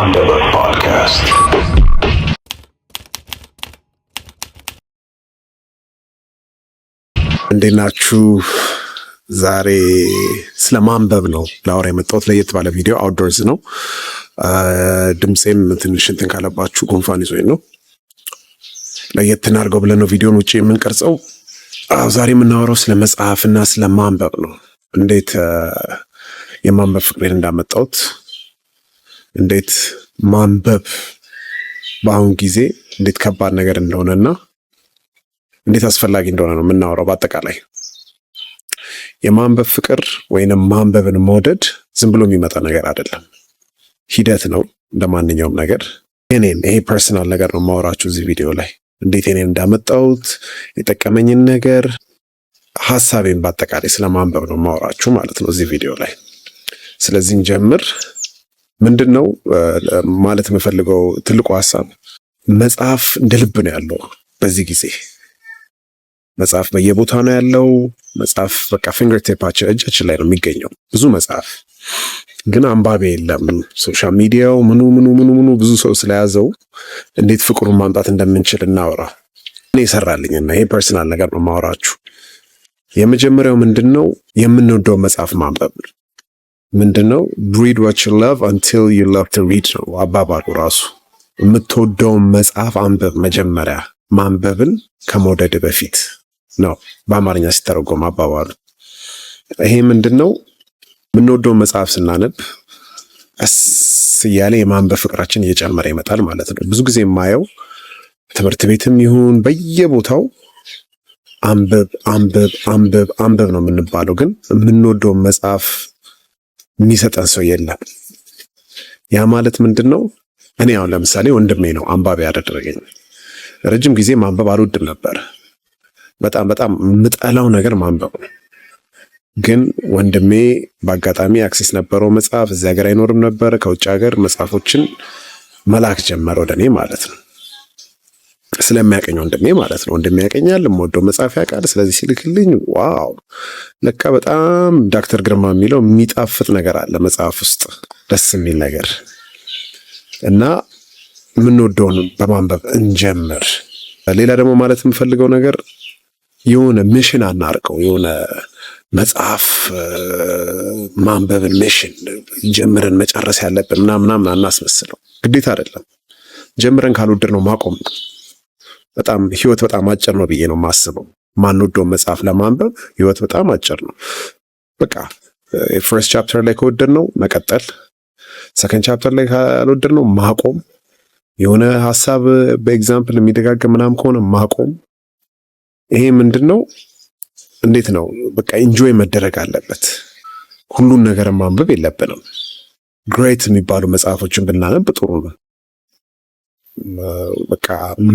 Underwood Podcast. እንዴት ናችሁ? ዛሬ ስለ ማንበብ ነው ለአውራ የመጣሁት። ለየት ባለ ቪዲዮ አውትዶርስ ነው። ድምፄም ትንሽ እንትን ካለባችሁ ጉንፋን ይዞኝ ነው። ለየት እናድርገው ብለን ነው ቪዲዮን ውጭ የምንቀርጸው። ዛሬ የምናወራው ስለ መጽሐፍና ስለ ማንበብ ነው። እንዴት የማንበብ ፍቅሬን እንዳመጣሁት እንዴት ማንበብ በአሁን ጊዜ እንዴት ከባድ ነገር እንደሆነ እና እንዴት አስፈላጊ እንደሆነ ነው የምናወራው። በአጠቃላይ የማንበብ ፍቅር ወይንም ማንበብን መውደድ ዝም ብሎ የሚመጣ ነገር አይደለም፣ ሂደት ነው እንደ ማንኛውም ነገር። እኔን ይሄ ፐርሰናል ነገር ነው የማወራችሁ እዚህ ቪዲዮ ላይ እንዴት እኔን እንዳመጣሁት የጠቀመኝን ነገር ሀሳቤን በአጠቃላይ ስለ ማንበብ ነው የማወራችሁ ማለት ነው እዚህ ቪዲዮ ላይ። ስለዚህ እንጀምር። ምንድን ነው ማለት የምፈልገው ትልቁ ሀሳብ መጽሐፍ እንደ ልብ ነው ያለው። በዚህ ጊዜ መጽሐፍ በየቦታ ነው ያለው። መጽሐፍ በቃ ፊንገር ቴፓችን እጃችን ላይ ነው የሚገኘው። ብዙ መጽሐፍ ግን አንባቢ የለም። ሶሻል ሚዲያው ምኑ ምኑ ምኑ ምኑ ብዙ ሰው ስለያዘው እንዴት ፍቅሩን ማምጣት እንደምንችል እናወራ። እኔ እና ይሄ ፐርሰናል ነገር ነው ማወራችሁ። የመጀመሪያው ምንድን ነው የምንወደው መጽሐፍ ማንበብ ነው። ምንድን ነው ሪድ ዋች ዩ ላቭ አንቲል ዩ ላቭ ቱ ሪድ ነው አባባሉ ራሱ። የምትወደውን መጽሐፍ አንብብ መጀመሪያ ማንበብን ከመውደድ በፊት ነው በአማርኛ ሲተረጎም አባባሉ። ይሄ ምንድን ነው የምንወደውን መጽሐፍ ስናነብ ቀስ እያለ የማንበብ ፍቅራችን እየጨመረ ይመጣል ማለት ነው። ብዙ ጊዜ የማየው ትምህርት ቤትም ይሁን በየቦታው አንብብ አንብብ አንብብ አንብብ ነው የምንባለው፣ ግን የምንወደውን መጽሐፍ የሚሰጠን ሰው የለም። ያ ማለት ምንድን ነው? እኔ አሁን ለምሳሌ ወንድሜ ነው አንባቢ ያደረገኝ። ረጅም ጊዜ ማንበብ አልወድም ነበር። በጣም በጣም የምጠላው ነገር ማንበብ ነው። ግን ወንድሜ በአጋጣሚ አክሴስ ነበረው መጽሐፍ፣ እዚህ ሀገር አይኖርም ነበር። ከውጭ ሀገር መጽሐፎችን መላክ ጀመረ ወደ እኔ ማለት ነው። ስለሚያቀኝ ወንድሜ ማለት ነው። ወንድሜ ያቀኛል፣ የምወደው መጽሐፍ ያውቃል። ስለዚህ ሲልክልኝ ዋው ለካ በጣም ዳክተር ግርማ የሚለው የሚጣፍጥ ነገር አለ መጽሐፍ ውስጥ ደስ የሚል ነገር እና የምንወደውን በማንበብ እንጀምር። ሌላ ደግሞ ማለት የምፈልገው ነገር የሆነ ምሽን አናርቀው የሆነ መጽሐፍ ማንበብን ምሽን ጀምረን መጨረስ ያለብን ምናምናምን አናስመስለው። ግዴታ አይደለም። ጀምረን ነው ማቆም ነው። በጣም ህይወት በጣም አጭር ነው ብዬ ነው የማስበው። ማንወደውን መጽሐፍ ለማንበብ ህይወት በጣም አጭር ነው። በቃ ፈርስት ቻፕተር ላይ ከወደድ ነው መቀጠል፣ ሰከንድ ቻፕተር ላይ ካልወደድ ነው ማቆም፣ የሆነ ሀሳብ በኤግዛምፕል የሚደጋገም ምናምን ከሆነ ማቆም። ይሄ ምንድን ነው? እንዴት ነው? በቃ ኢንጆይ መደረግ አለበት። ሁሉን ነገር ማንበብ የለብንም። ግሬት የሚባሉ መጽሐፎችን ብናነብ ጥሩ ነው። በቃ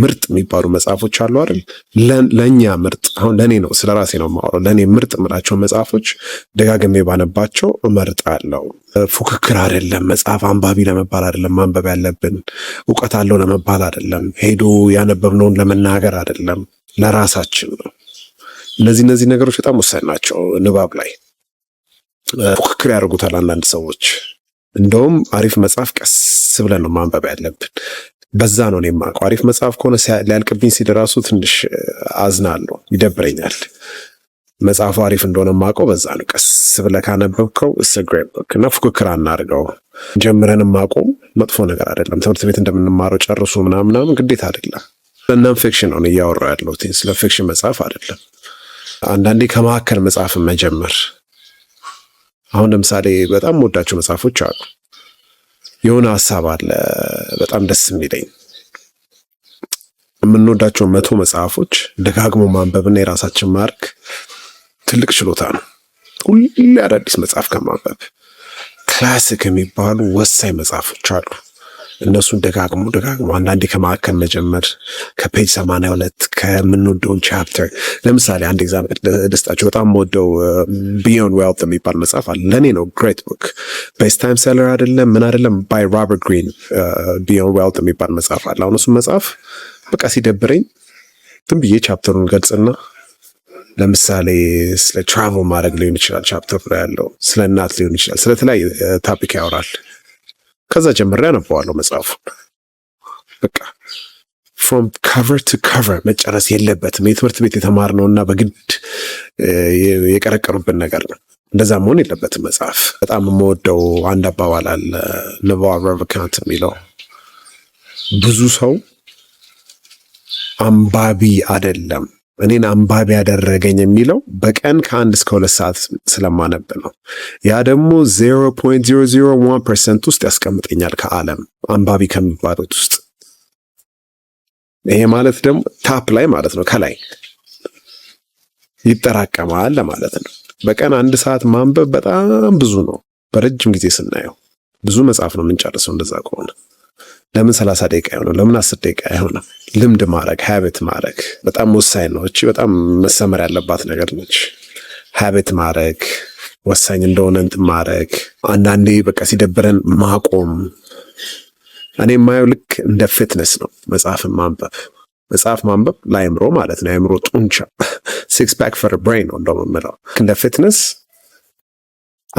ምርጥ የሚባሉ መጽሐፎች አሉ አይደል? ለእኛ ምርጥ አሁን ለእኔ ነው ስለ ራሴ ነው የማወራው። ለእኔ ምርጥ የምላቸው መጽሐፎች ደጋግሜ ባነባቸው እመርጣለሁ። ፉክክር አይደለም። መጽሐፍ አንባቢ ለመባል አይደለም ማንበብ ያለብን። እውቀት አለው ለመባል አይደለም። ሄዶ ያነበብነውን ለመናገር አይደለም። ለራሳችን ነው። እነዚህ እነዚህ ነገሮች በጣም ወሳኝ ናቸው። ንባብ ላይ ፉክክር ያደርጉታል አንዳንድ ሰዎች። እንደውም አሪፍ መጽሐፍ ቀስ ብለን ነው ማንበብ ያለብን። በዛ ነው እኔ የማውቀው። አሪፍ መጽሐፍ ከሆነ ሊያልቅብኝ ሲል ራሱ ትንሽ አዝናለሁ፣ ይደብረኛል። መጽሐፉ አሪፍ እንደሆነ የማውቀው በዛ ነው። ቀስ ብለህ ካነበብከው ኢንስታግራም ክ እና ፉክክር አናርገው። ጀምረን ማቆም መጥፎ ነገር አይደለም። ትምህርት ቤት እንደምንማረው ጨርሱ ምናምናም ግዴታ አይደለም። እናም ፊክሽን ነው እያወራ ያለሁት ስለ ፊክሽን መጽሐፍ አይደለም። አንዳንዴ ከመካከል መጽሐፍን መጀመር አሁን ለምሳሌ በጣም ወዳቸው መጽሐፎች አሉ የሆነ ሀሳብ አለ በጣም ደስ የሚለኝ የምንወዳቸው መቶ መጽሐፎች ደጋግሞ ማንበብና የራሳችን ማርክ ትልቅ ችሎታ ነው። ሁሌ አዳዲስ መጽሐፍ ከማንበብ ክላሲክ የሚባሉ ወሳኝ መጽሐፎች አሉ። እነሱን ደጋግሞ ደጋግሞ አንዳንዴ ከማዕከል መጀመር ከፔጅ ሰማንያ ሁለት ከምንወደውን ቻፕተር ለምሳሌ አንድ ኤግዛምፕል ደስታቸው በጣም ወደው ቢዮን ዌልት የሚባል መጽሐፍ አለ። ለእኔ ነው ግሬት ቡክ ቤስት ታይም ሴለር አይደለም ምን አይደለም ባይ ሮበርት ግሪን ቢዮን ዌልት የሚባል መጽሐፍ አለ። አሁን እሱን መጽሐፍ በቃ ሲደብረኝ ትን ብዬ ቻፕተሩን ገልጽና ለምሳሌ ስለ ትራቨል ማድረግ ሊሆን ይችላል ቻፕተር ላይ ያለው ስለ እናት ሊሆን ይችላል ስለተለያየ ታፒክ ያወራል። ከዛ ጀምሬ አነበዋለሁ መጽሐፉ። በቃ ፍሮም ከቨር ቱ ካቨር መጨረስ የለበትም። የትምህርት ቤት የተማርነውና በግድ የቀረቀሩብን ነገር ነው። እንደዛ መሆን የለበትም። መጽሐፍ በጣም የምወደው አንድ አባባል አለ ነባር ካንት የሚለው ብዙ ሰው አንባቢ አይደለም እኔን አንባቢ ያደረገኝ የሚለው በቀን ከአንድ እስከ ሁለት ሰዓት ስለማነብ ነው። ያ ደግሞ 0 ፖይንት ፐርሰንት ውስጥ ያስቀምጠኛል ከዓለም አንባቢ ከሚባሉት ውስጥ። ይሄ ማለት ደግሞ ታፕ ላይ ማለት ነው ከላይ ይጠራቀማል ለማለት ነው። በቀን አንድ ሰዓት ማንበብ በጣም ብዙ ነው። በረጅም ጊዜ ስናየው ብዙ መጽሐፍ ነው የምንጨርሰው እንደዛ ከሆነ ለምን 30 ደቂቃ አይሆንም? ለምን 10 ደቂቃ አይሆንም? ልምድ ማድረግ ሀቤት ማድረግ በጣም ወሳኝ ነው። እቺ በጣም መሰመር ያለባት ነገር ነች። ሀቤት ማድረግ ወሳኝ እንደሆነ እንትን ማድረግ አንዳንዴ በቃ ሲደብረን ማቆም። እኔ የማየው ልክ እንደ ፊትነስ ነው። መጽሐፍን ማንበብ መጽሐፍ ማንበብ ለአእምሮ ማለት ነው። የአእምሮ ጡንቻ ሲክስ ፓክ ፈር ብሬን ነው እንደው የምለው እንደ ፊትነስ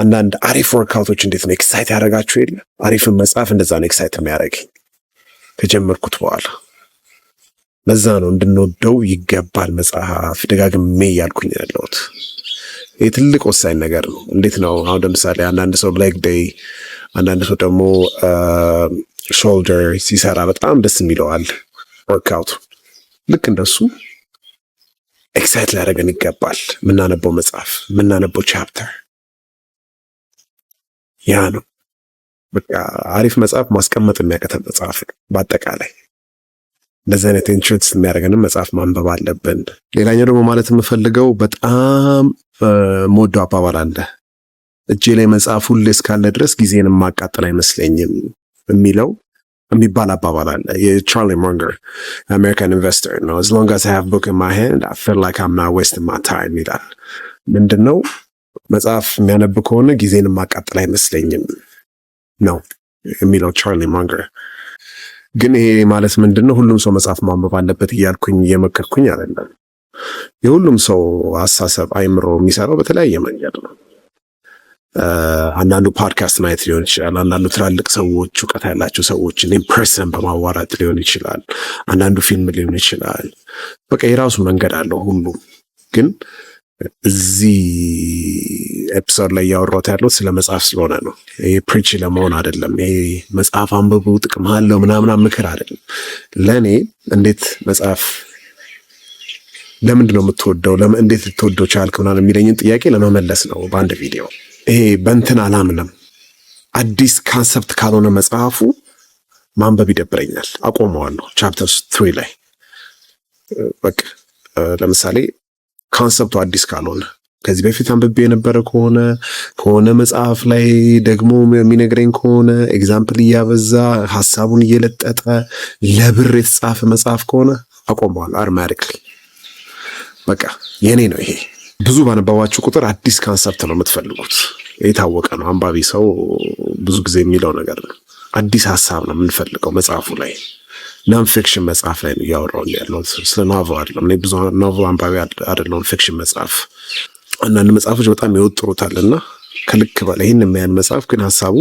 አንዳንድ አሪፍ ወርክአውቶች እንዴት ነው ኤክሳይት ያደረጋችሁ የለ አሪፍን መጽሐፍ እንደዛ ነው ኤክሳይት የሚያደረግኝ። ከጀመርኩት በኋላ ለዛ ነው እንድንወደው ይገባል መጽሐፍ ደጋግሜ እያልኩኝ ያለሁት። ይህ ትልቅ ወሳኝ ነገር ነው። እንዴት ነው አሁን ለምሳሌ አንዳንድ ሰው ሌግ ዴይ፣ አንዳንድ ሰው ደግሞ ሾልደር ሲሰራ በጣም ደስ የሚለዋል ወርክአውቱ። ልክ እንደሱ ኤክሳይት ሊያደርገን ይገባል የምናነበው መጽሐፍ የምናነበው ቻፕተር ያ ነው። በቃ አሪፍ መጽሐፍ ማስቀመጥ የሚያቀተን መጽሐፍ በአጠቃላይ እንደዚህ አይነት ኢንሹረንስ የሚያደርገንም መጽሐፍ ማንበብ አለብን። ሌላኛው ደግሞ ማለት የምፈልገው በጣም ሞዶ አባባል አለ። እጄ ላይ መጽሐፍ ሁሌ እስካለ ድረስ ጊዜን ማቃጠል አይመስለኝም የሚለው የሚባል አባባል አለ። የቻርሊ ሞንገር አሜሪካን ኢንቨስተር ነው። as ሎንግ as I have book in my hand I feel like I'm not wasting my time ይላል። ምንድን ነው መጽሐፍ የሚያነብ ከሆነ ጊዜን ማቃጠል አይመስለኝም ነው የሚለው ቻርሊ ማንገር። ግን ይሄ ማለት ምንድን ነው? ሁሉም ሰው መጽሐፍ ማንበብ አለበት እያልኩኝ እየመከርኩኝ አይደለም። የሁሉም ሰው አሳሰብ አይምሮ የሚሰራው በተለያየ መንገድ ነው። አንዳንዱ ፖድካስት ማየት ሊሆን ይችላል። አንዳንዱ ትላልቅ ሰዎች እውቀት ያላቸው ሰዎችን ኢምፕሬስን በማዋራት ሊሆን ይችላል። አንዳንዱ ፊልም ሊሆን ይችላል። በቃ የራሱ መንገድ አለው ሁሉም ግን እዚህ ኤፒሶድ ላይ እያወራሁት ያለው ስለ መጽሐፍ ስለሆነ ነው። ይሄ ፕሪች ለመሆን አይደለም። ይሄ መጽሐፍ አንብቡ ጥቅም አለው ምናምና ምክር አይደለም። ለእኔ እንዴት መጽሐፍ ለምንድን ነው የምትወደው፣ እንዴት ልትወደው ቻልክ ምናምን የሚለኝን ጥያቄ ለመመለስ ነው በአንድ ቪዲዮ። ይሄ በእንትን አላምንም። አዲስ ካንሰፕት ካልሆነ መጽሐፉ ማንበብ ይደብረኛል፣ አቆመዋለሁ ቻፕተር ትሪ ላይ በቃ ለምሳሌ ካንሰፕቱ አዲስ ካልሆነ ከዚህ በፊት አንብቤ የነበረ ከሆነ ከሆነ መጽሐፍ ላይ ደግሞ የሚነግረኝ ከሆነ ኤግዛምፕል እያበዛ ሀሳቡን እየለጠጠ ለብር የተጻፈ መጽሐፍ ከሆነ አቆመዋል። አርማሪክሊ በቃ የኔ ነው ይሄ። ብዙ ባነባባችሁ ቁጥር አዲስ ካንሰፕት ነው የምትፈልጉት። የታወቀ ነው፣ አንባቢ ሰው ብዙ ጊዜ የሚለው ነገር ነው። አዲስ ሀሳብ ነው የምንፈልገው መጽሐፉ ላይ ኖን ፊክሽን መጽሐፍ ላይ ነው እያወራሁኝ ያለው ስለ ኖቭ አይደለም። እኔ ብዙ ኖቭ አንባቢ አይደለሁም። ፊክሽን መጽሐፍ አንዳንድ መጽሐፎች በጣም ይወጥሩታል እና ከልክ በላይ ይህን የሚያን መጽሐፍ ግን ሀሳቡ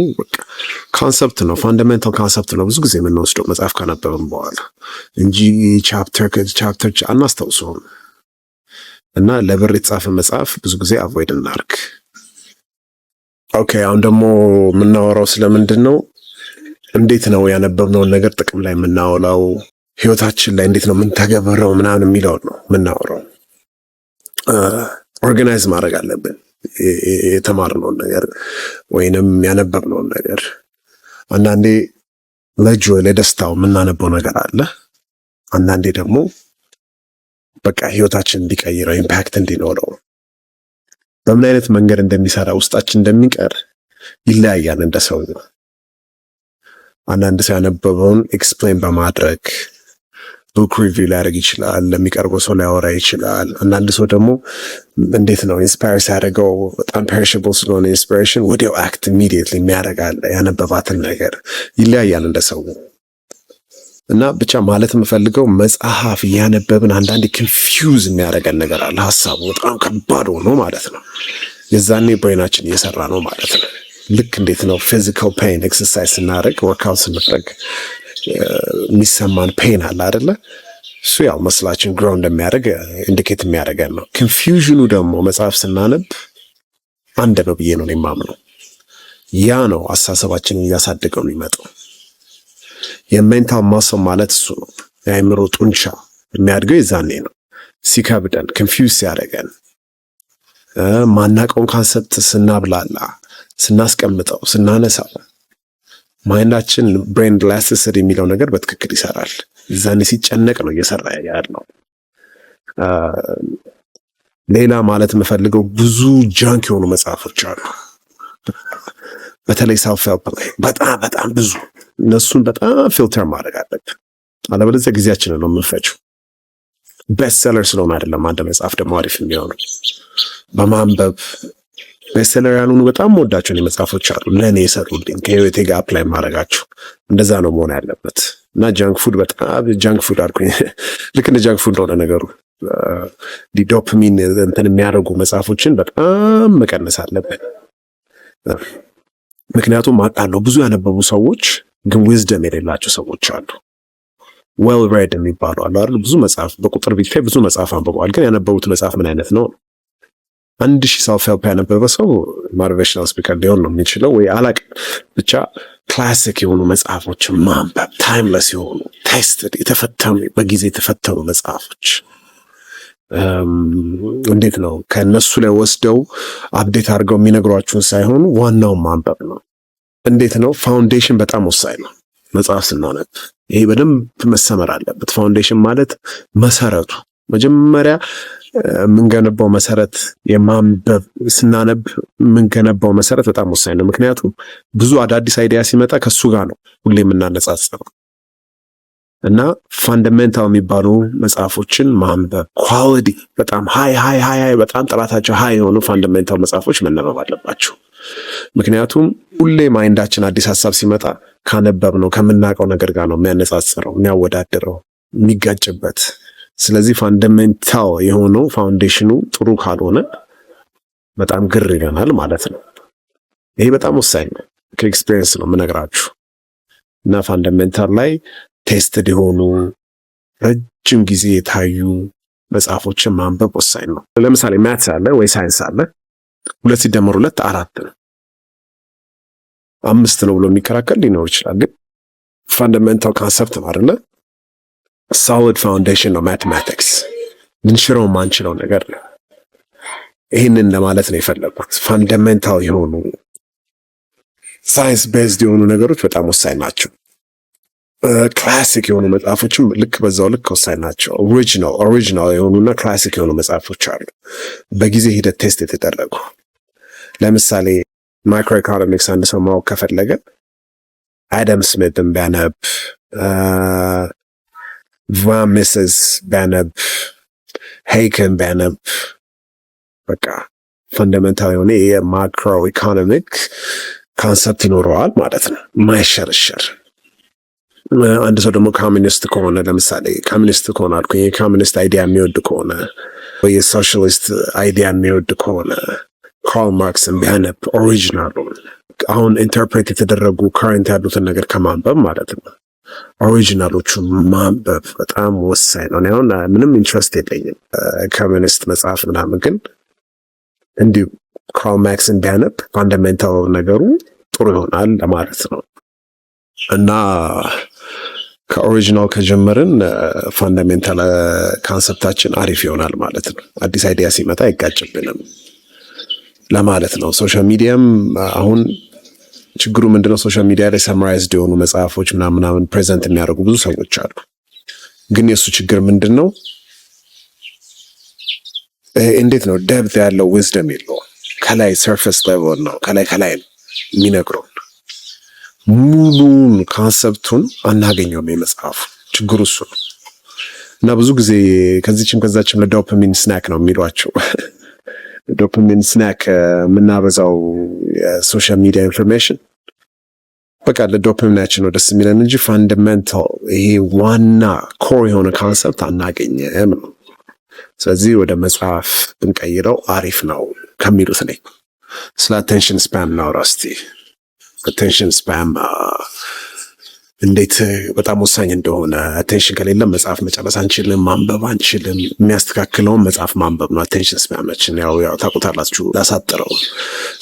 ካንሰፕት ነው፣ ፋንዳሜንታል ካንሰፕት ነው። ብዙ ጊዜ የምንወስደው መጽሐፍ ካነበብን በኋላ እንጂ ቻፕተር ቻፕተር አናስታውሰውም። እና ለብር የተጻፈ መጽሐፍ ብዙ ጊዜ አቮይድ እናርግ። ኦኬ አሁን ደግሞ የምናወራው ስለምንድን ነው? እንዴት ነው ያነበብነውን ነገር ጥቅም ላይ የምናውለው፣ ህይወታችን ላይ እንዴት ነው የምንተገብረው ምናምን የሚለውን ነው የምናውረው። ኦርጋናይዝ ማድረግ አለብን የተማርነውን ነገር ወይንም ያነበብነውን ነገር። አንዳንዴ ለጆ ለደስታው የምናነበው ነገር አለ። አንዳንዴ ደግሞ በቃ ህይወታችን እንዲቀይረው ኢምፓክት እንዲኖረው በምን አይነት መንገድ እንደሚሰራ ውስጣችን እንደሚቀር ይለያያል እንደ ሰው አንዳንድ ሰው ያነበበውን ኤክስፕሌን በማድረግ ቡክ ሪቪው ሊያደርግ ይችላል። ለሚቀርበው ሰው ሊያወራ ይችላል። አንዳንድ ሰው ደግሞ እንዴት ነው ኢንስፓየር ሲያደርገው በጣም ፐሪሽብል ስለሆነ ኢንስፒሬሽን ወዲያው አክት ኢሚዲየትሊ የሚያደርጋለ ያነበባትን ነገር ይለያያል እንደ ሰው እና ብቻ ማለት የምፈልገው መጽሐፍ እያነበብን አንዳንዴ ኮንፊውዝ የሚያደርገን ነገር አለ። ሀሳቡ በጣም ከባድ ሆኖ ማለት ነው የዛኔ ብሬናችን እየሰራ ነው ማለት ነው። ልክ እንዴት ነው ፊዚካል ፔን ኤክሰርሳይዝ ስናደርግ ወርካውት ስንጠቅ የሚሰማን ፔን አለ አደለ? እሱ ያው መስላችን ግሮ እንደሚያደርግ ኢንዲኬት የሚያደርገን ነው። ኮንፊውዥኑ ደግሞ መጽሐፍ ስናነብ አንድ ነው ብዬ ነው የማምነው። ያ ነው አስተሳሰባችንን እያሳደገው ነው የሚመጣው። የሜንታል ማሰብ ማለት እሱ ነው። የአእምሮ ጡንቻ የሚያድገው የዛኔ ነው ሲከብደን ኮንፊውዝ ሲያደርገን ማናቀውን ካንሰፕት ስናብላላ፣ ስናስቀምጠው፣ ስናነሳው ማይንዳችን ብሬን ላስስድ የሚለው ነገር በትክክል ይሰራል። እዛን ሲጨነቅ ነው እየሰራ ነው። ሌላ ማለት የምፈልገው ብዙ ጃንክ የሆኑ መጽሐፎች አሉ። በተለይ ሰልፍ ሄልፕ ላይ በጣም በጣም ብዙ እነሱን በጣም ፊልተር ማድረግ አለብን። አለበለዚያ ጊዜያችንን ነው የምንፈጀው። ቤስትሰለር ስለሆነ አይደለም አንድ መጽሐፍ ደግሞ አሪፍ የሚሆኑ በማንበብ ቤስትሰለር ያልሆኑ በጣም ወዳቸውን የመጽሐፎች አሉ ለእኔ የሰሩልኝ ከህይወቴ ጋር አፕላይ ማድረጋቸው እንደዛ ነው መሆን ያለበት እና ጃንክ ፉድ በጣም ጃንክ ፉድ አልኩኝ ልክ እንደ ጃንክ ፉድ እንደሆነ ነገሩ ዶፓሚን እንትን የሚያደርጉ መጽሐፎችን በጣም መቀነስ አለብን። ምክንያቱም አውቃለሁ ብዙ ያነበቡ ሰዎች ግን ዊዝደም የሌላቸው ሰዎች አሉ። ዌል ሬድ የሚባሉ አሉ አይደል? ብዙ መጽሐፍ በቁጥር ቢትፌ ብዙ መጽሐፍ አንብበዋል፣ ግን ያነበቡት መጽሐፍ ምን አይነት ነው? አንድ ሺህ ሰልፍ ሄልፕ ያነበበ ሰው ማርቬሽናል ስፒከር ሊሆን ነው የሚችለው ወይ አላቅ ብቻ ክላሲክ የሆኑ መጽሐፎችን ማንበብ ታይምለስ የሆኑ ቴስትድ የተፈተኑ በጊዜ የተፈተኑ መጽሐፎች እንዴት ነው ከእነሱ ላይ ወስደው አብዴት አድርገው የሚነግሯችሁን ሳይሆኑ ዋናውን ማንበብ ነው። እንዴት ነው ፋውንዴሽን በጣም ወሳኝ ነው መጽሐፍ ስናነብ ይሄ በደንብ መሰመር አለበት። ፋውንዴሽን ማለት መሰረቱ መጀመሪያ የምንገነባው መሰረት የማንበብ ስናነብ የምንገነባው መሰረት በጣም ወሳኝ ነው። ምክንያቱም ብዙ አዳዲስ አይዲያ ሲመጣ ከሱ ጋር ነው ሁሌ የምናነጻጽረው እና ፋንዳሜንታል የሚባሉ መጽሐፎችን ማንበብ ኳሊቲ በጣም ሀይ ሀይ ሀይ በጣም ጥራታቸው ሀይ የሆኑ ፋንዳሜንታል መጽሐፎች መነበብ አለባቸው። ምክንያቱም ሁሌ ማይንዳችን አዲስ ሀሳብ ሲመጣ ካነበብ ነው ከምናውቀው ነገር ጋር ነው የሚያነጻጽረው፣ የሚያወዳድረው፣ የሚጋጭበት። ስለዚህ ፋንደሜንታል የሆነው ፋውንዴሽኑ ጥሩ ካልሆነ በጣም ግር ይለናል ማለት ነው። ይሄ በጣም ወሳኝ ነው። ከኤክስፔሪየንስ ነው የምነግራችሁ እና ፋንደሜንታል ላይ ቴስትድ የሆኑ ረጅም ጊዜ የታዩ መጽሐፎችን ማንበብ ወሳኝ ነው። ለምሳሌ ማትስ አለ ወይ ሳይንስ አለ፣ ሁለት ሲደመር ሁለት አራት ነው። አምስት ነው ብሎ የሚከራከር ሊኖር ይችላል። ግን ፋንዳሜንታል ካንሰፕት ነው አይደለ? ፋውንዴሽን ነው ማቴማቲክስ፣ ልንሽረው ማንችለው ነገር ነው። ይህንን ለማለት ነው የፈለጉት። ፋንዳሜንታል የሆኑ ሳይንስ ቤዝድ የሆኑ ነገሮች በጣም ወሳኝ ናቸው። ክላሲክ የሆኑ መጽሐፎችም ልክ በዛው ልክ ወሳኝ ናቸው። ኦሪጂናል ኦሪጂናል የሆኑና ክላሲክ የሆኑ መጽሐፎች አሉ፣ በጊዜ ሂደት ቴስት የተደረጉ ለምሳሌ ማይክሮ ኢኮኖሚክስ አንድ ሰው ማወቅ ከፈለገ አደም ስሚትን ቢያነብ፣ ቫን ሚስስ ቢያነብ፣ ሄይክን ቢያነብ በቃ ፈንዳሜንታል የሆነ የማክሮ ኢኮኖሚክ ካንሰፕት ይኖረዋል ማለት ነው፣ ማይሸርሸር። አንድ ሰው ደግሞ ካሚኒስት ከሆነ ለምሳሌ ካሚኒስት ከሆነ አልኩ የካሚኒስት አይዲያ የሚወድ ከሆነ ወይ የሶሻሊስት አይዲያ የሚወድ ከሆነ ካርል ማርክስን ቢያነብ ኦሪጂናሉ አሁን ኢንተርፕሬት የተደረጉ ካረንት ያሉትን ነገር ከማንበብ ማለት ነው። ኦሪጂናሎቹን ማንበብ በጣም ወሳኝ ነው። ሁን ምንም ኢንትረስት የለኝም ኮሚኒስት መጽሐፍ ምናምን፣ ግን እንዲሁ ካርል ማርክስን ቢያነብ ፋንዳሜንታል ነገሩ ጥሩ ይሆናል ለማለት ነው እና ከኦሪጂናል ከጀመርን ፋንዳሜንታል ካንሰፕታችን አሪፍ ይሆናል ማለት ነው። አዲስ አይዲያ ሲመጣ አይጋጭብንም። ለማለት ነው። ሶሻል ሚዲያም አሁን ችግሩ ምንድነው? ሶሻል ሚዲያ ላይ ሰማራይዝድ የሆኑ መጽሐፎች ምናምናምን ፕሬዘንት የሚያደርጉ ብዙ ሰዎች አሉ። ግን የእሱ ችግር ምንድን ነው? እንዴት ነው ደብት ያለው ዊዝደም የለውም። ከላይ ሰርፌስ ሌቨል ነው፣ ከላይ ከላይ ነው የሚነግረው። ሙሉን ካንሰብቱን አናገኘውም የመጽሐፉ ችግሩ እሱ ነው። እና ብዙ ጊዜ ከዚችም ከዛችም ለዶፓሚን ስናክ ነው የሚሏቸው ዶፓሚን ስናክ የምናበዛው የሶሻል ሚዲያ ኢንፎርሜሽን በቃ ለዶፓሚናችን ነው ደስ የሚለን እንጂ ፋንደመንታል ይሄ ዋና ኮር የሆነ ካንሰፕት አናገኘም ስለዚህ ወደ መጽሐፍ ብንቀይረው አሪፍ ነው ከሚሉት ነኝ። ስለ አቴንሽን ስፓም ነው ራስቲ አቴንሽን ስፓም እንዴት በጣም ወሳኝ እንደሆነ አቴንሽን ከሌለም መጽሐፍ መጨረስ አንችልም፣ ማንበብ አንችልም። የሚያስተካክለውን መጽሐፍ ማንበብ ነው። አቴንሽን ስፓናችን ያው ያው ታውቁታላችሁ፣ ላሳጥረው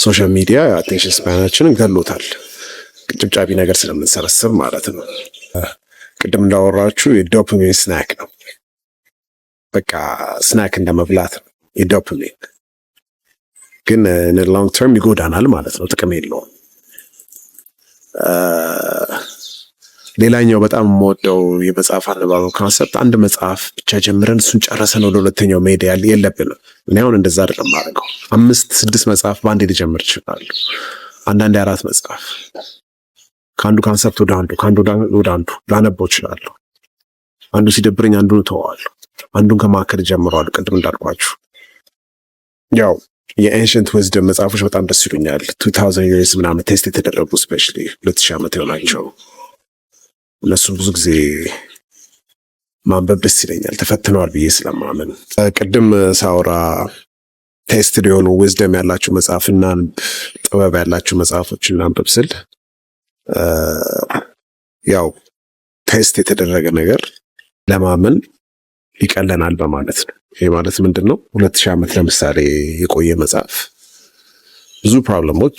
ሶሻል ሚዲያ አቴንሽን ስፓናችንን ገሎታል። ጭብጫቢ ነገር ስለምንሰረስብ ማለት ነው። ቅድም እንዳወራችሁ የዶፕሚን ስናክ ነው። በቃ ስናክ እንደመብላት ነው የዶፕሚን ግን ሎንግ ተርም ይጎዳናል ማለት ነው። ጥቅም የለውም። ሌላኛው በጣም የምወደው የመጽሐፍ አነባበብ ኮንሰፕት አንድ መጽሐፍ ብቻ ጀምረን እሱን ጨረሰን ወደ ሁለተኛው መሄድ ያለ የለብንም። እኔ አሁን እንደዛ አይደለም ማድረገው። አምስት ስድስት መጽሐፍ በአንዴ ልጀምር ይችላሉ። አንዳንድ አራት መጽሐፍ ከአንዱ ኮንሰፕት ወደ አንዱ ከአንዱ ወደ አንዱ ላነበው ይችላሉ። አንዱ ሲደብረኝ አንዱን እተወዋለሁ። አንዱን ከማካከል ጀምረዋል። ቅድም እንዳልኳችሁ ያው የኤንሽንት ዊዝደም መጽሐፎች በጣም ደስ ይሉኛል። ቱ ታውዘንድ ይርስ ምናምን ቴስት የተደረጉ ስፔሻሊ ሁለት ሺህ ዓመት የሆናቸው እነሱን ብዙ ጊዜ ማንበብ ደስ ይለኛል ተፈትነዋል ብዬ ስለማመን ቅድም ሳውራ ቴስትድ የሆኑ ዊዝደም ያላቸው መጽሐፍ እና ጥበብ ያላቸው መጽሐፎችን እናንብብ ስል ያው ቴስት የተደረገ ነገር ለማመን ይቀለናል በማለት ነው። ይህ ማለት ምንድን ነው? ሁለት ሺህ ዓመት ለምሳሌ የቆየ መጽሐፍ ብዙ ፕሮብለሞች፣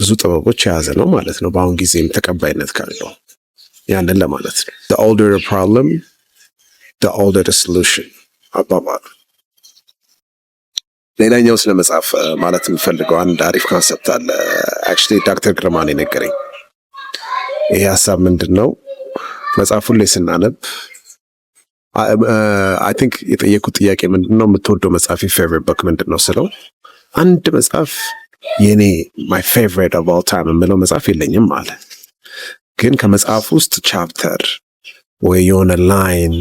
ብዙ ጥበቦች የያዘ ነው ማለት ነው። በአሁን ጊዜም ተቀባይነት ካለው ያንን ለማለት ነው። the older the problem the older the solution አባባሉ። ሌላኛው ስለ መጽሐፍ ማለት የምፈልገው አንድ አሪፍ ኮንሰፕት አለ። አክቹሊ ዶክተር ግርማ ነው የነገረኝ። ይሄ ሀሳብ ምንድን ነው? መጽሐፉን ላይ ስናነብ አይ ቲንክ የጠየኩት ጥያቄ ምንድን ነው የምትወደው መጽሐፍ ፌቨሪት ቡክ ምንድን ነው ስለው አንድ መጽሐፍ የኔ ማይ ፌቨሪት ኦፍ ኦል ታይም የምለው መጽሐፍ የለኝም ማለት ግን ከመጽሐፍ ውስጥ ቻፕተር ወይ የሆነ ላይን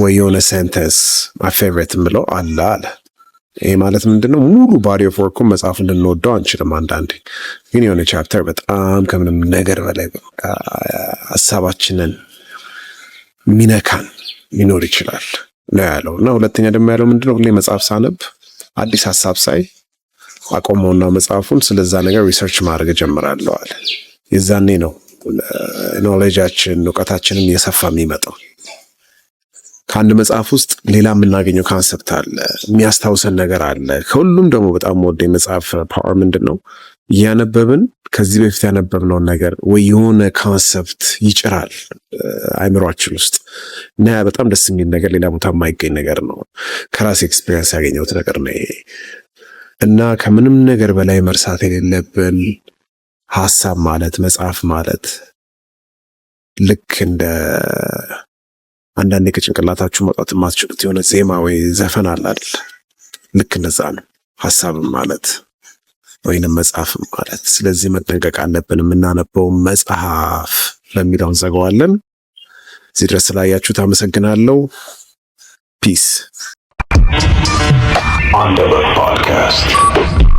ወይ የሆነ ሴንተንስ ማይ ብለው የምለው አለ አለ። ይሄ ማለት ምንድነው ሙሉ ባዲ ኦፍ ወርኩን መጽሐፍ እንድንወደው አንችልም። አንዳንዴ ግን የሆነ ቻፕተር በጣም ከምንም ነገር በላይ ሀሳባችንን ሚነካን ሊኖር ይችላል ነው ያለው። እና ሁለተኛ ደግሞ ያለው ምንድነው? ነው? ሁሌ መጽሐፍ ሳነብ አዲስ ሀሳብ ሳይ አቆመውና መጽሐፉን ስለዛ ነገር ሪሰርች ማድረግ ጀምራለዋል። የዛኔ ነው ኖሌጃችን እውቀታችንም እየሰፋ የሚመጣው። ከአንድ መጽሐፍ ውስጥ ሌላ የምናገኘው ካንሰፕት አለ፣ የሚያስታውሰን ነገር አለ። ከሁሉም ደግሞ በጣም ወደ መጽሐፍ ፓወር ምንድን ነው? እያነበብን ከዚህ በፊት ያነበብነውን ነገር ወይ የሆነ ካንሰፕት ይጭራል አይምሯችን ውስጥ እና በጣም ደስ የሚል ነገር፣ ሌላ ቦታ የማይገኝ ነገር ነው። ከራስ ኤክስፔሪንስ ያገኘሁት ነገር ነው እና ከምንም ነገር በላይ መርሳት የሌለብን ሀሳብ ማለት መጽሐፍ ማለት ልክ እንደ አንዳንዴ ከጭንቅላታችሁ መውጣት የማትችሉት የሆነ ዜማ ወይ ዘፈን አላል። ልክ እንደዛ ነው ሀሳብም ማለት ወይንም መጽሐፍም ማለት። ስለዚህ መጠንቀቅ አለብን። የምናነበው መጽሐፍ ለሚለው እንዘጋዋለን። እዚህ ድረስ ስላያችሁት አመሰግናለሁ። ፒስ አንደበት ፖድካስት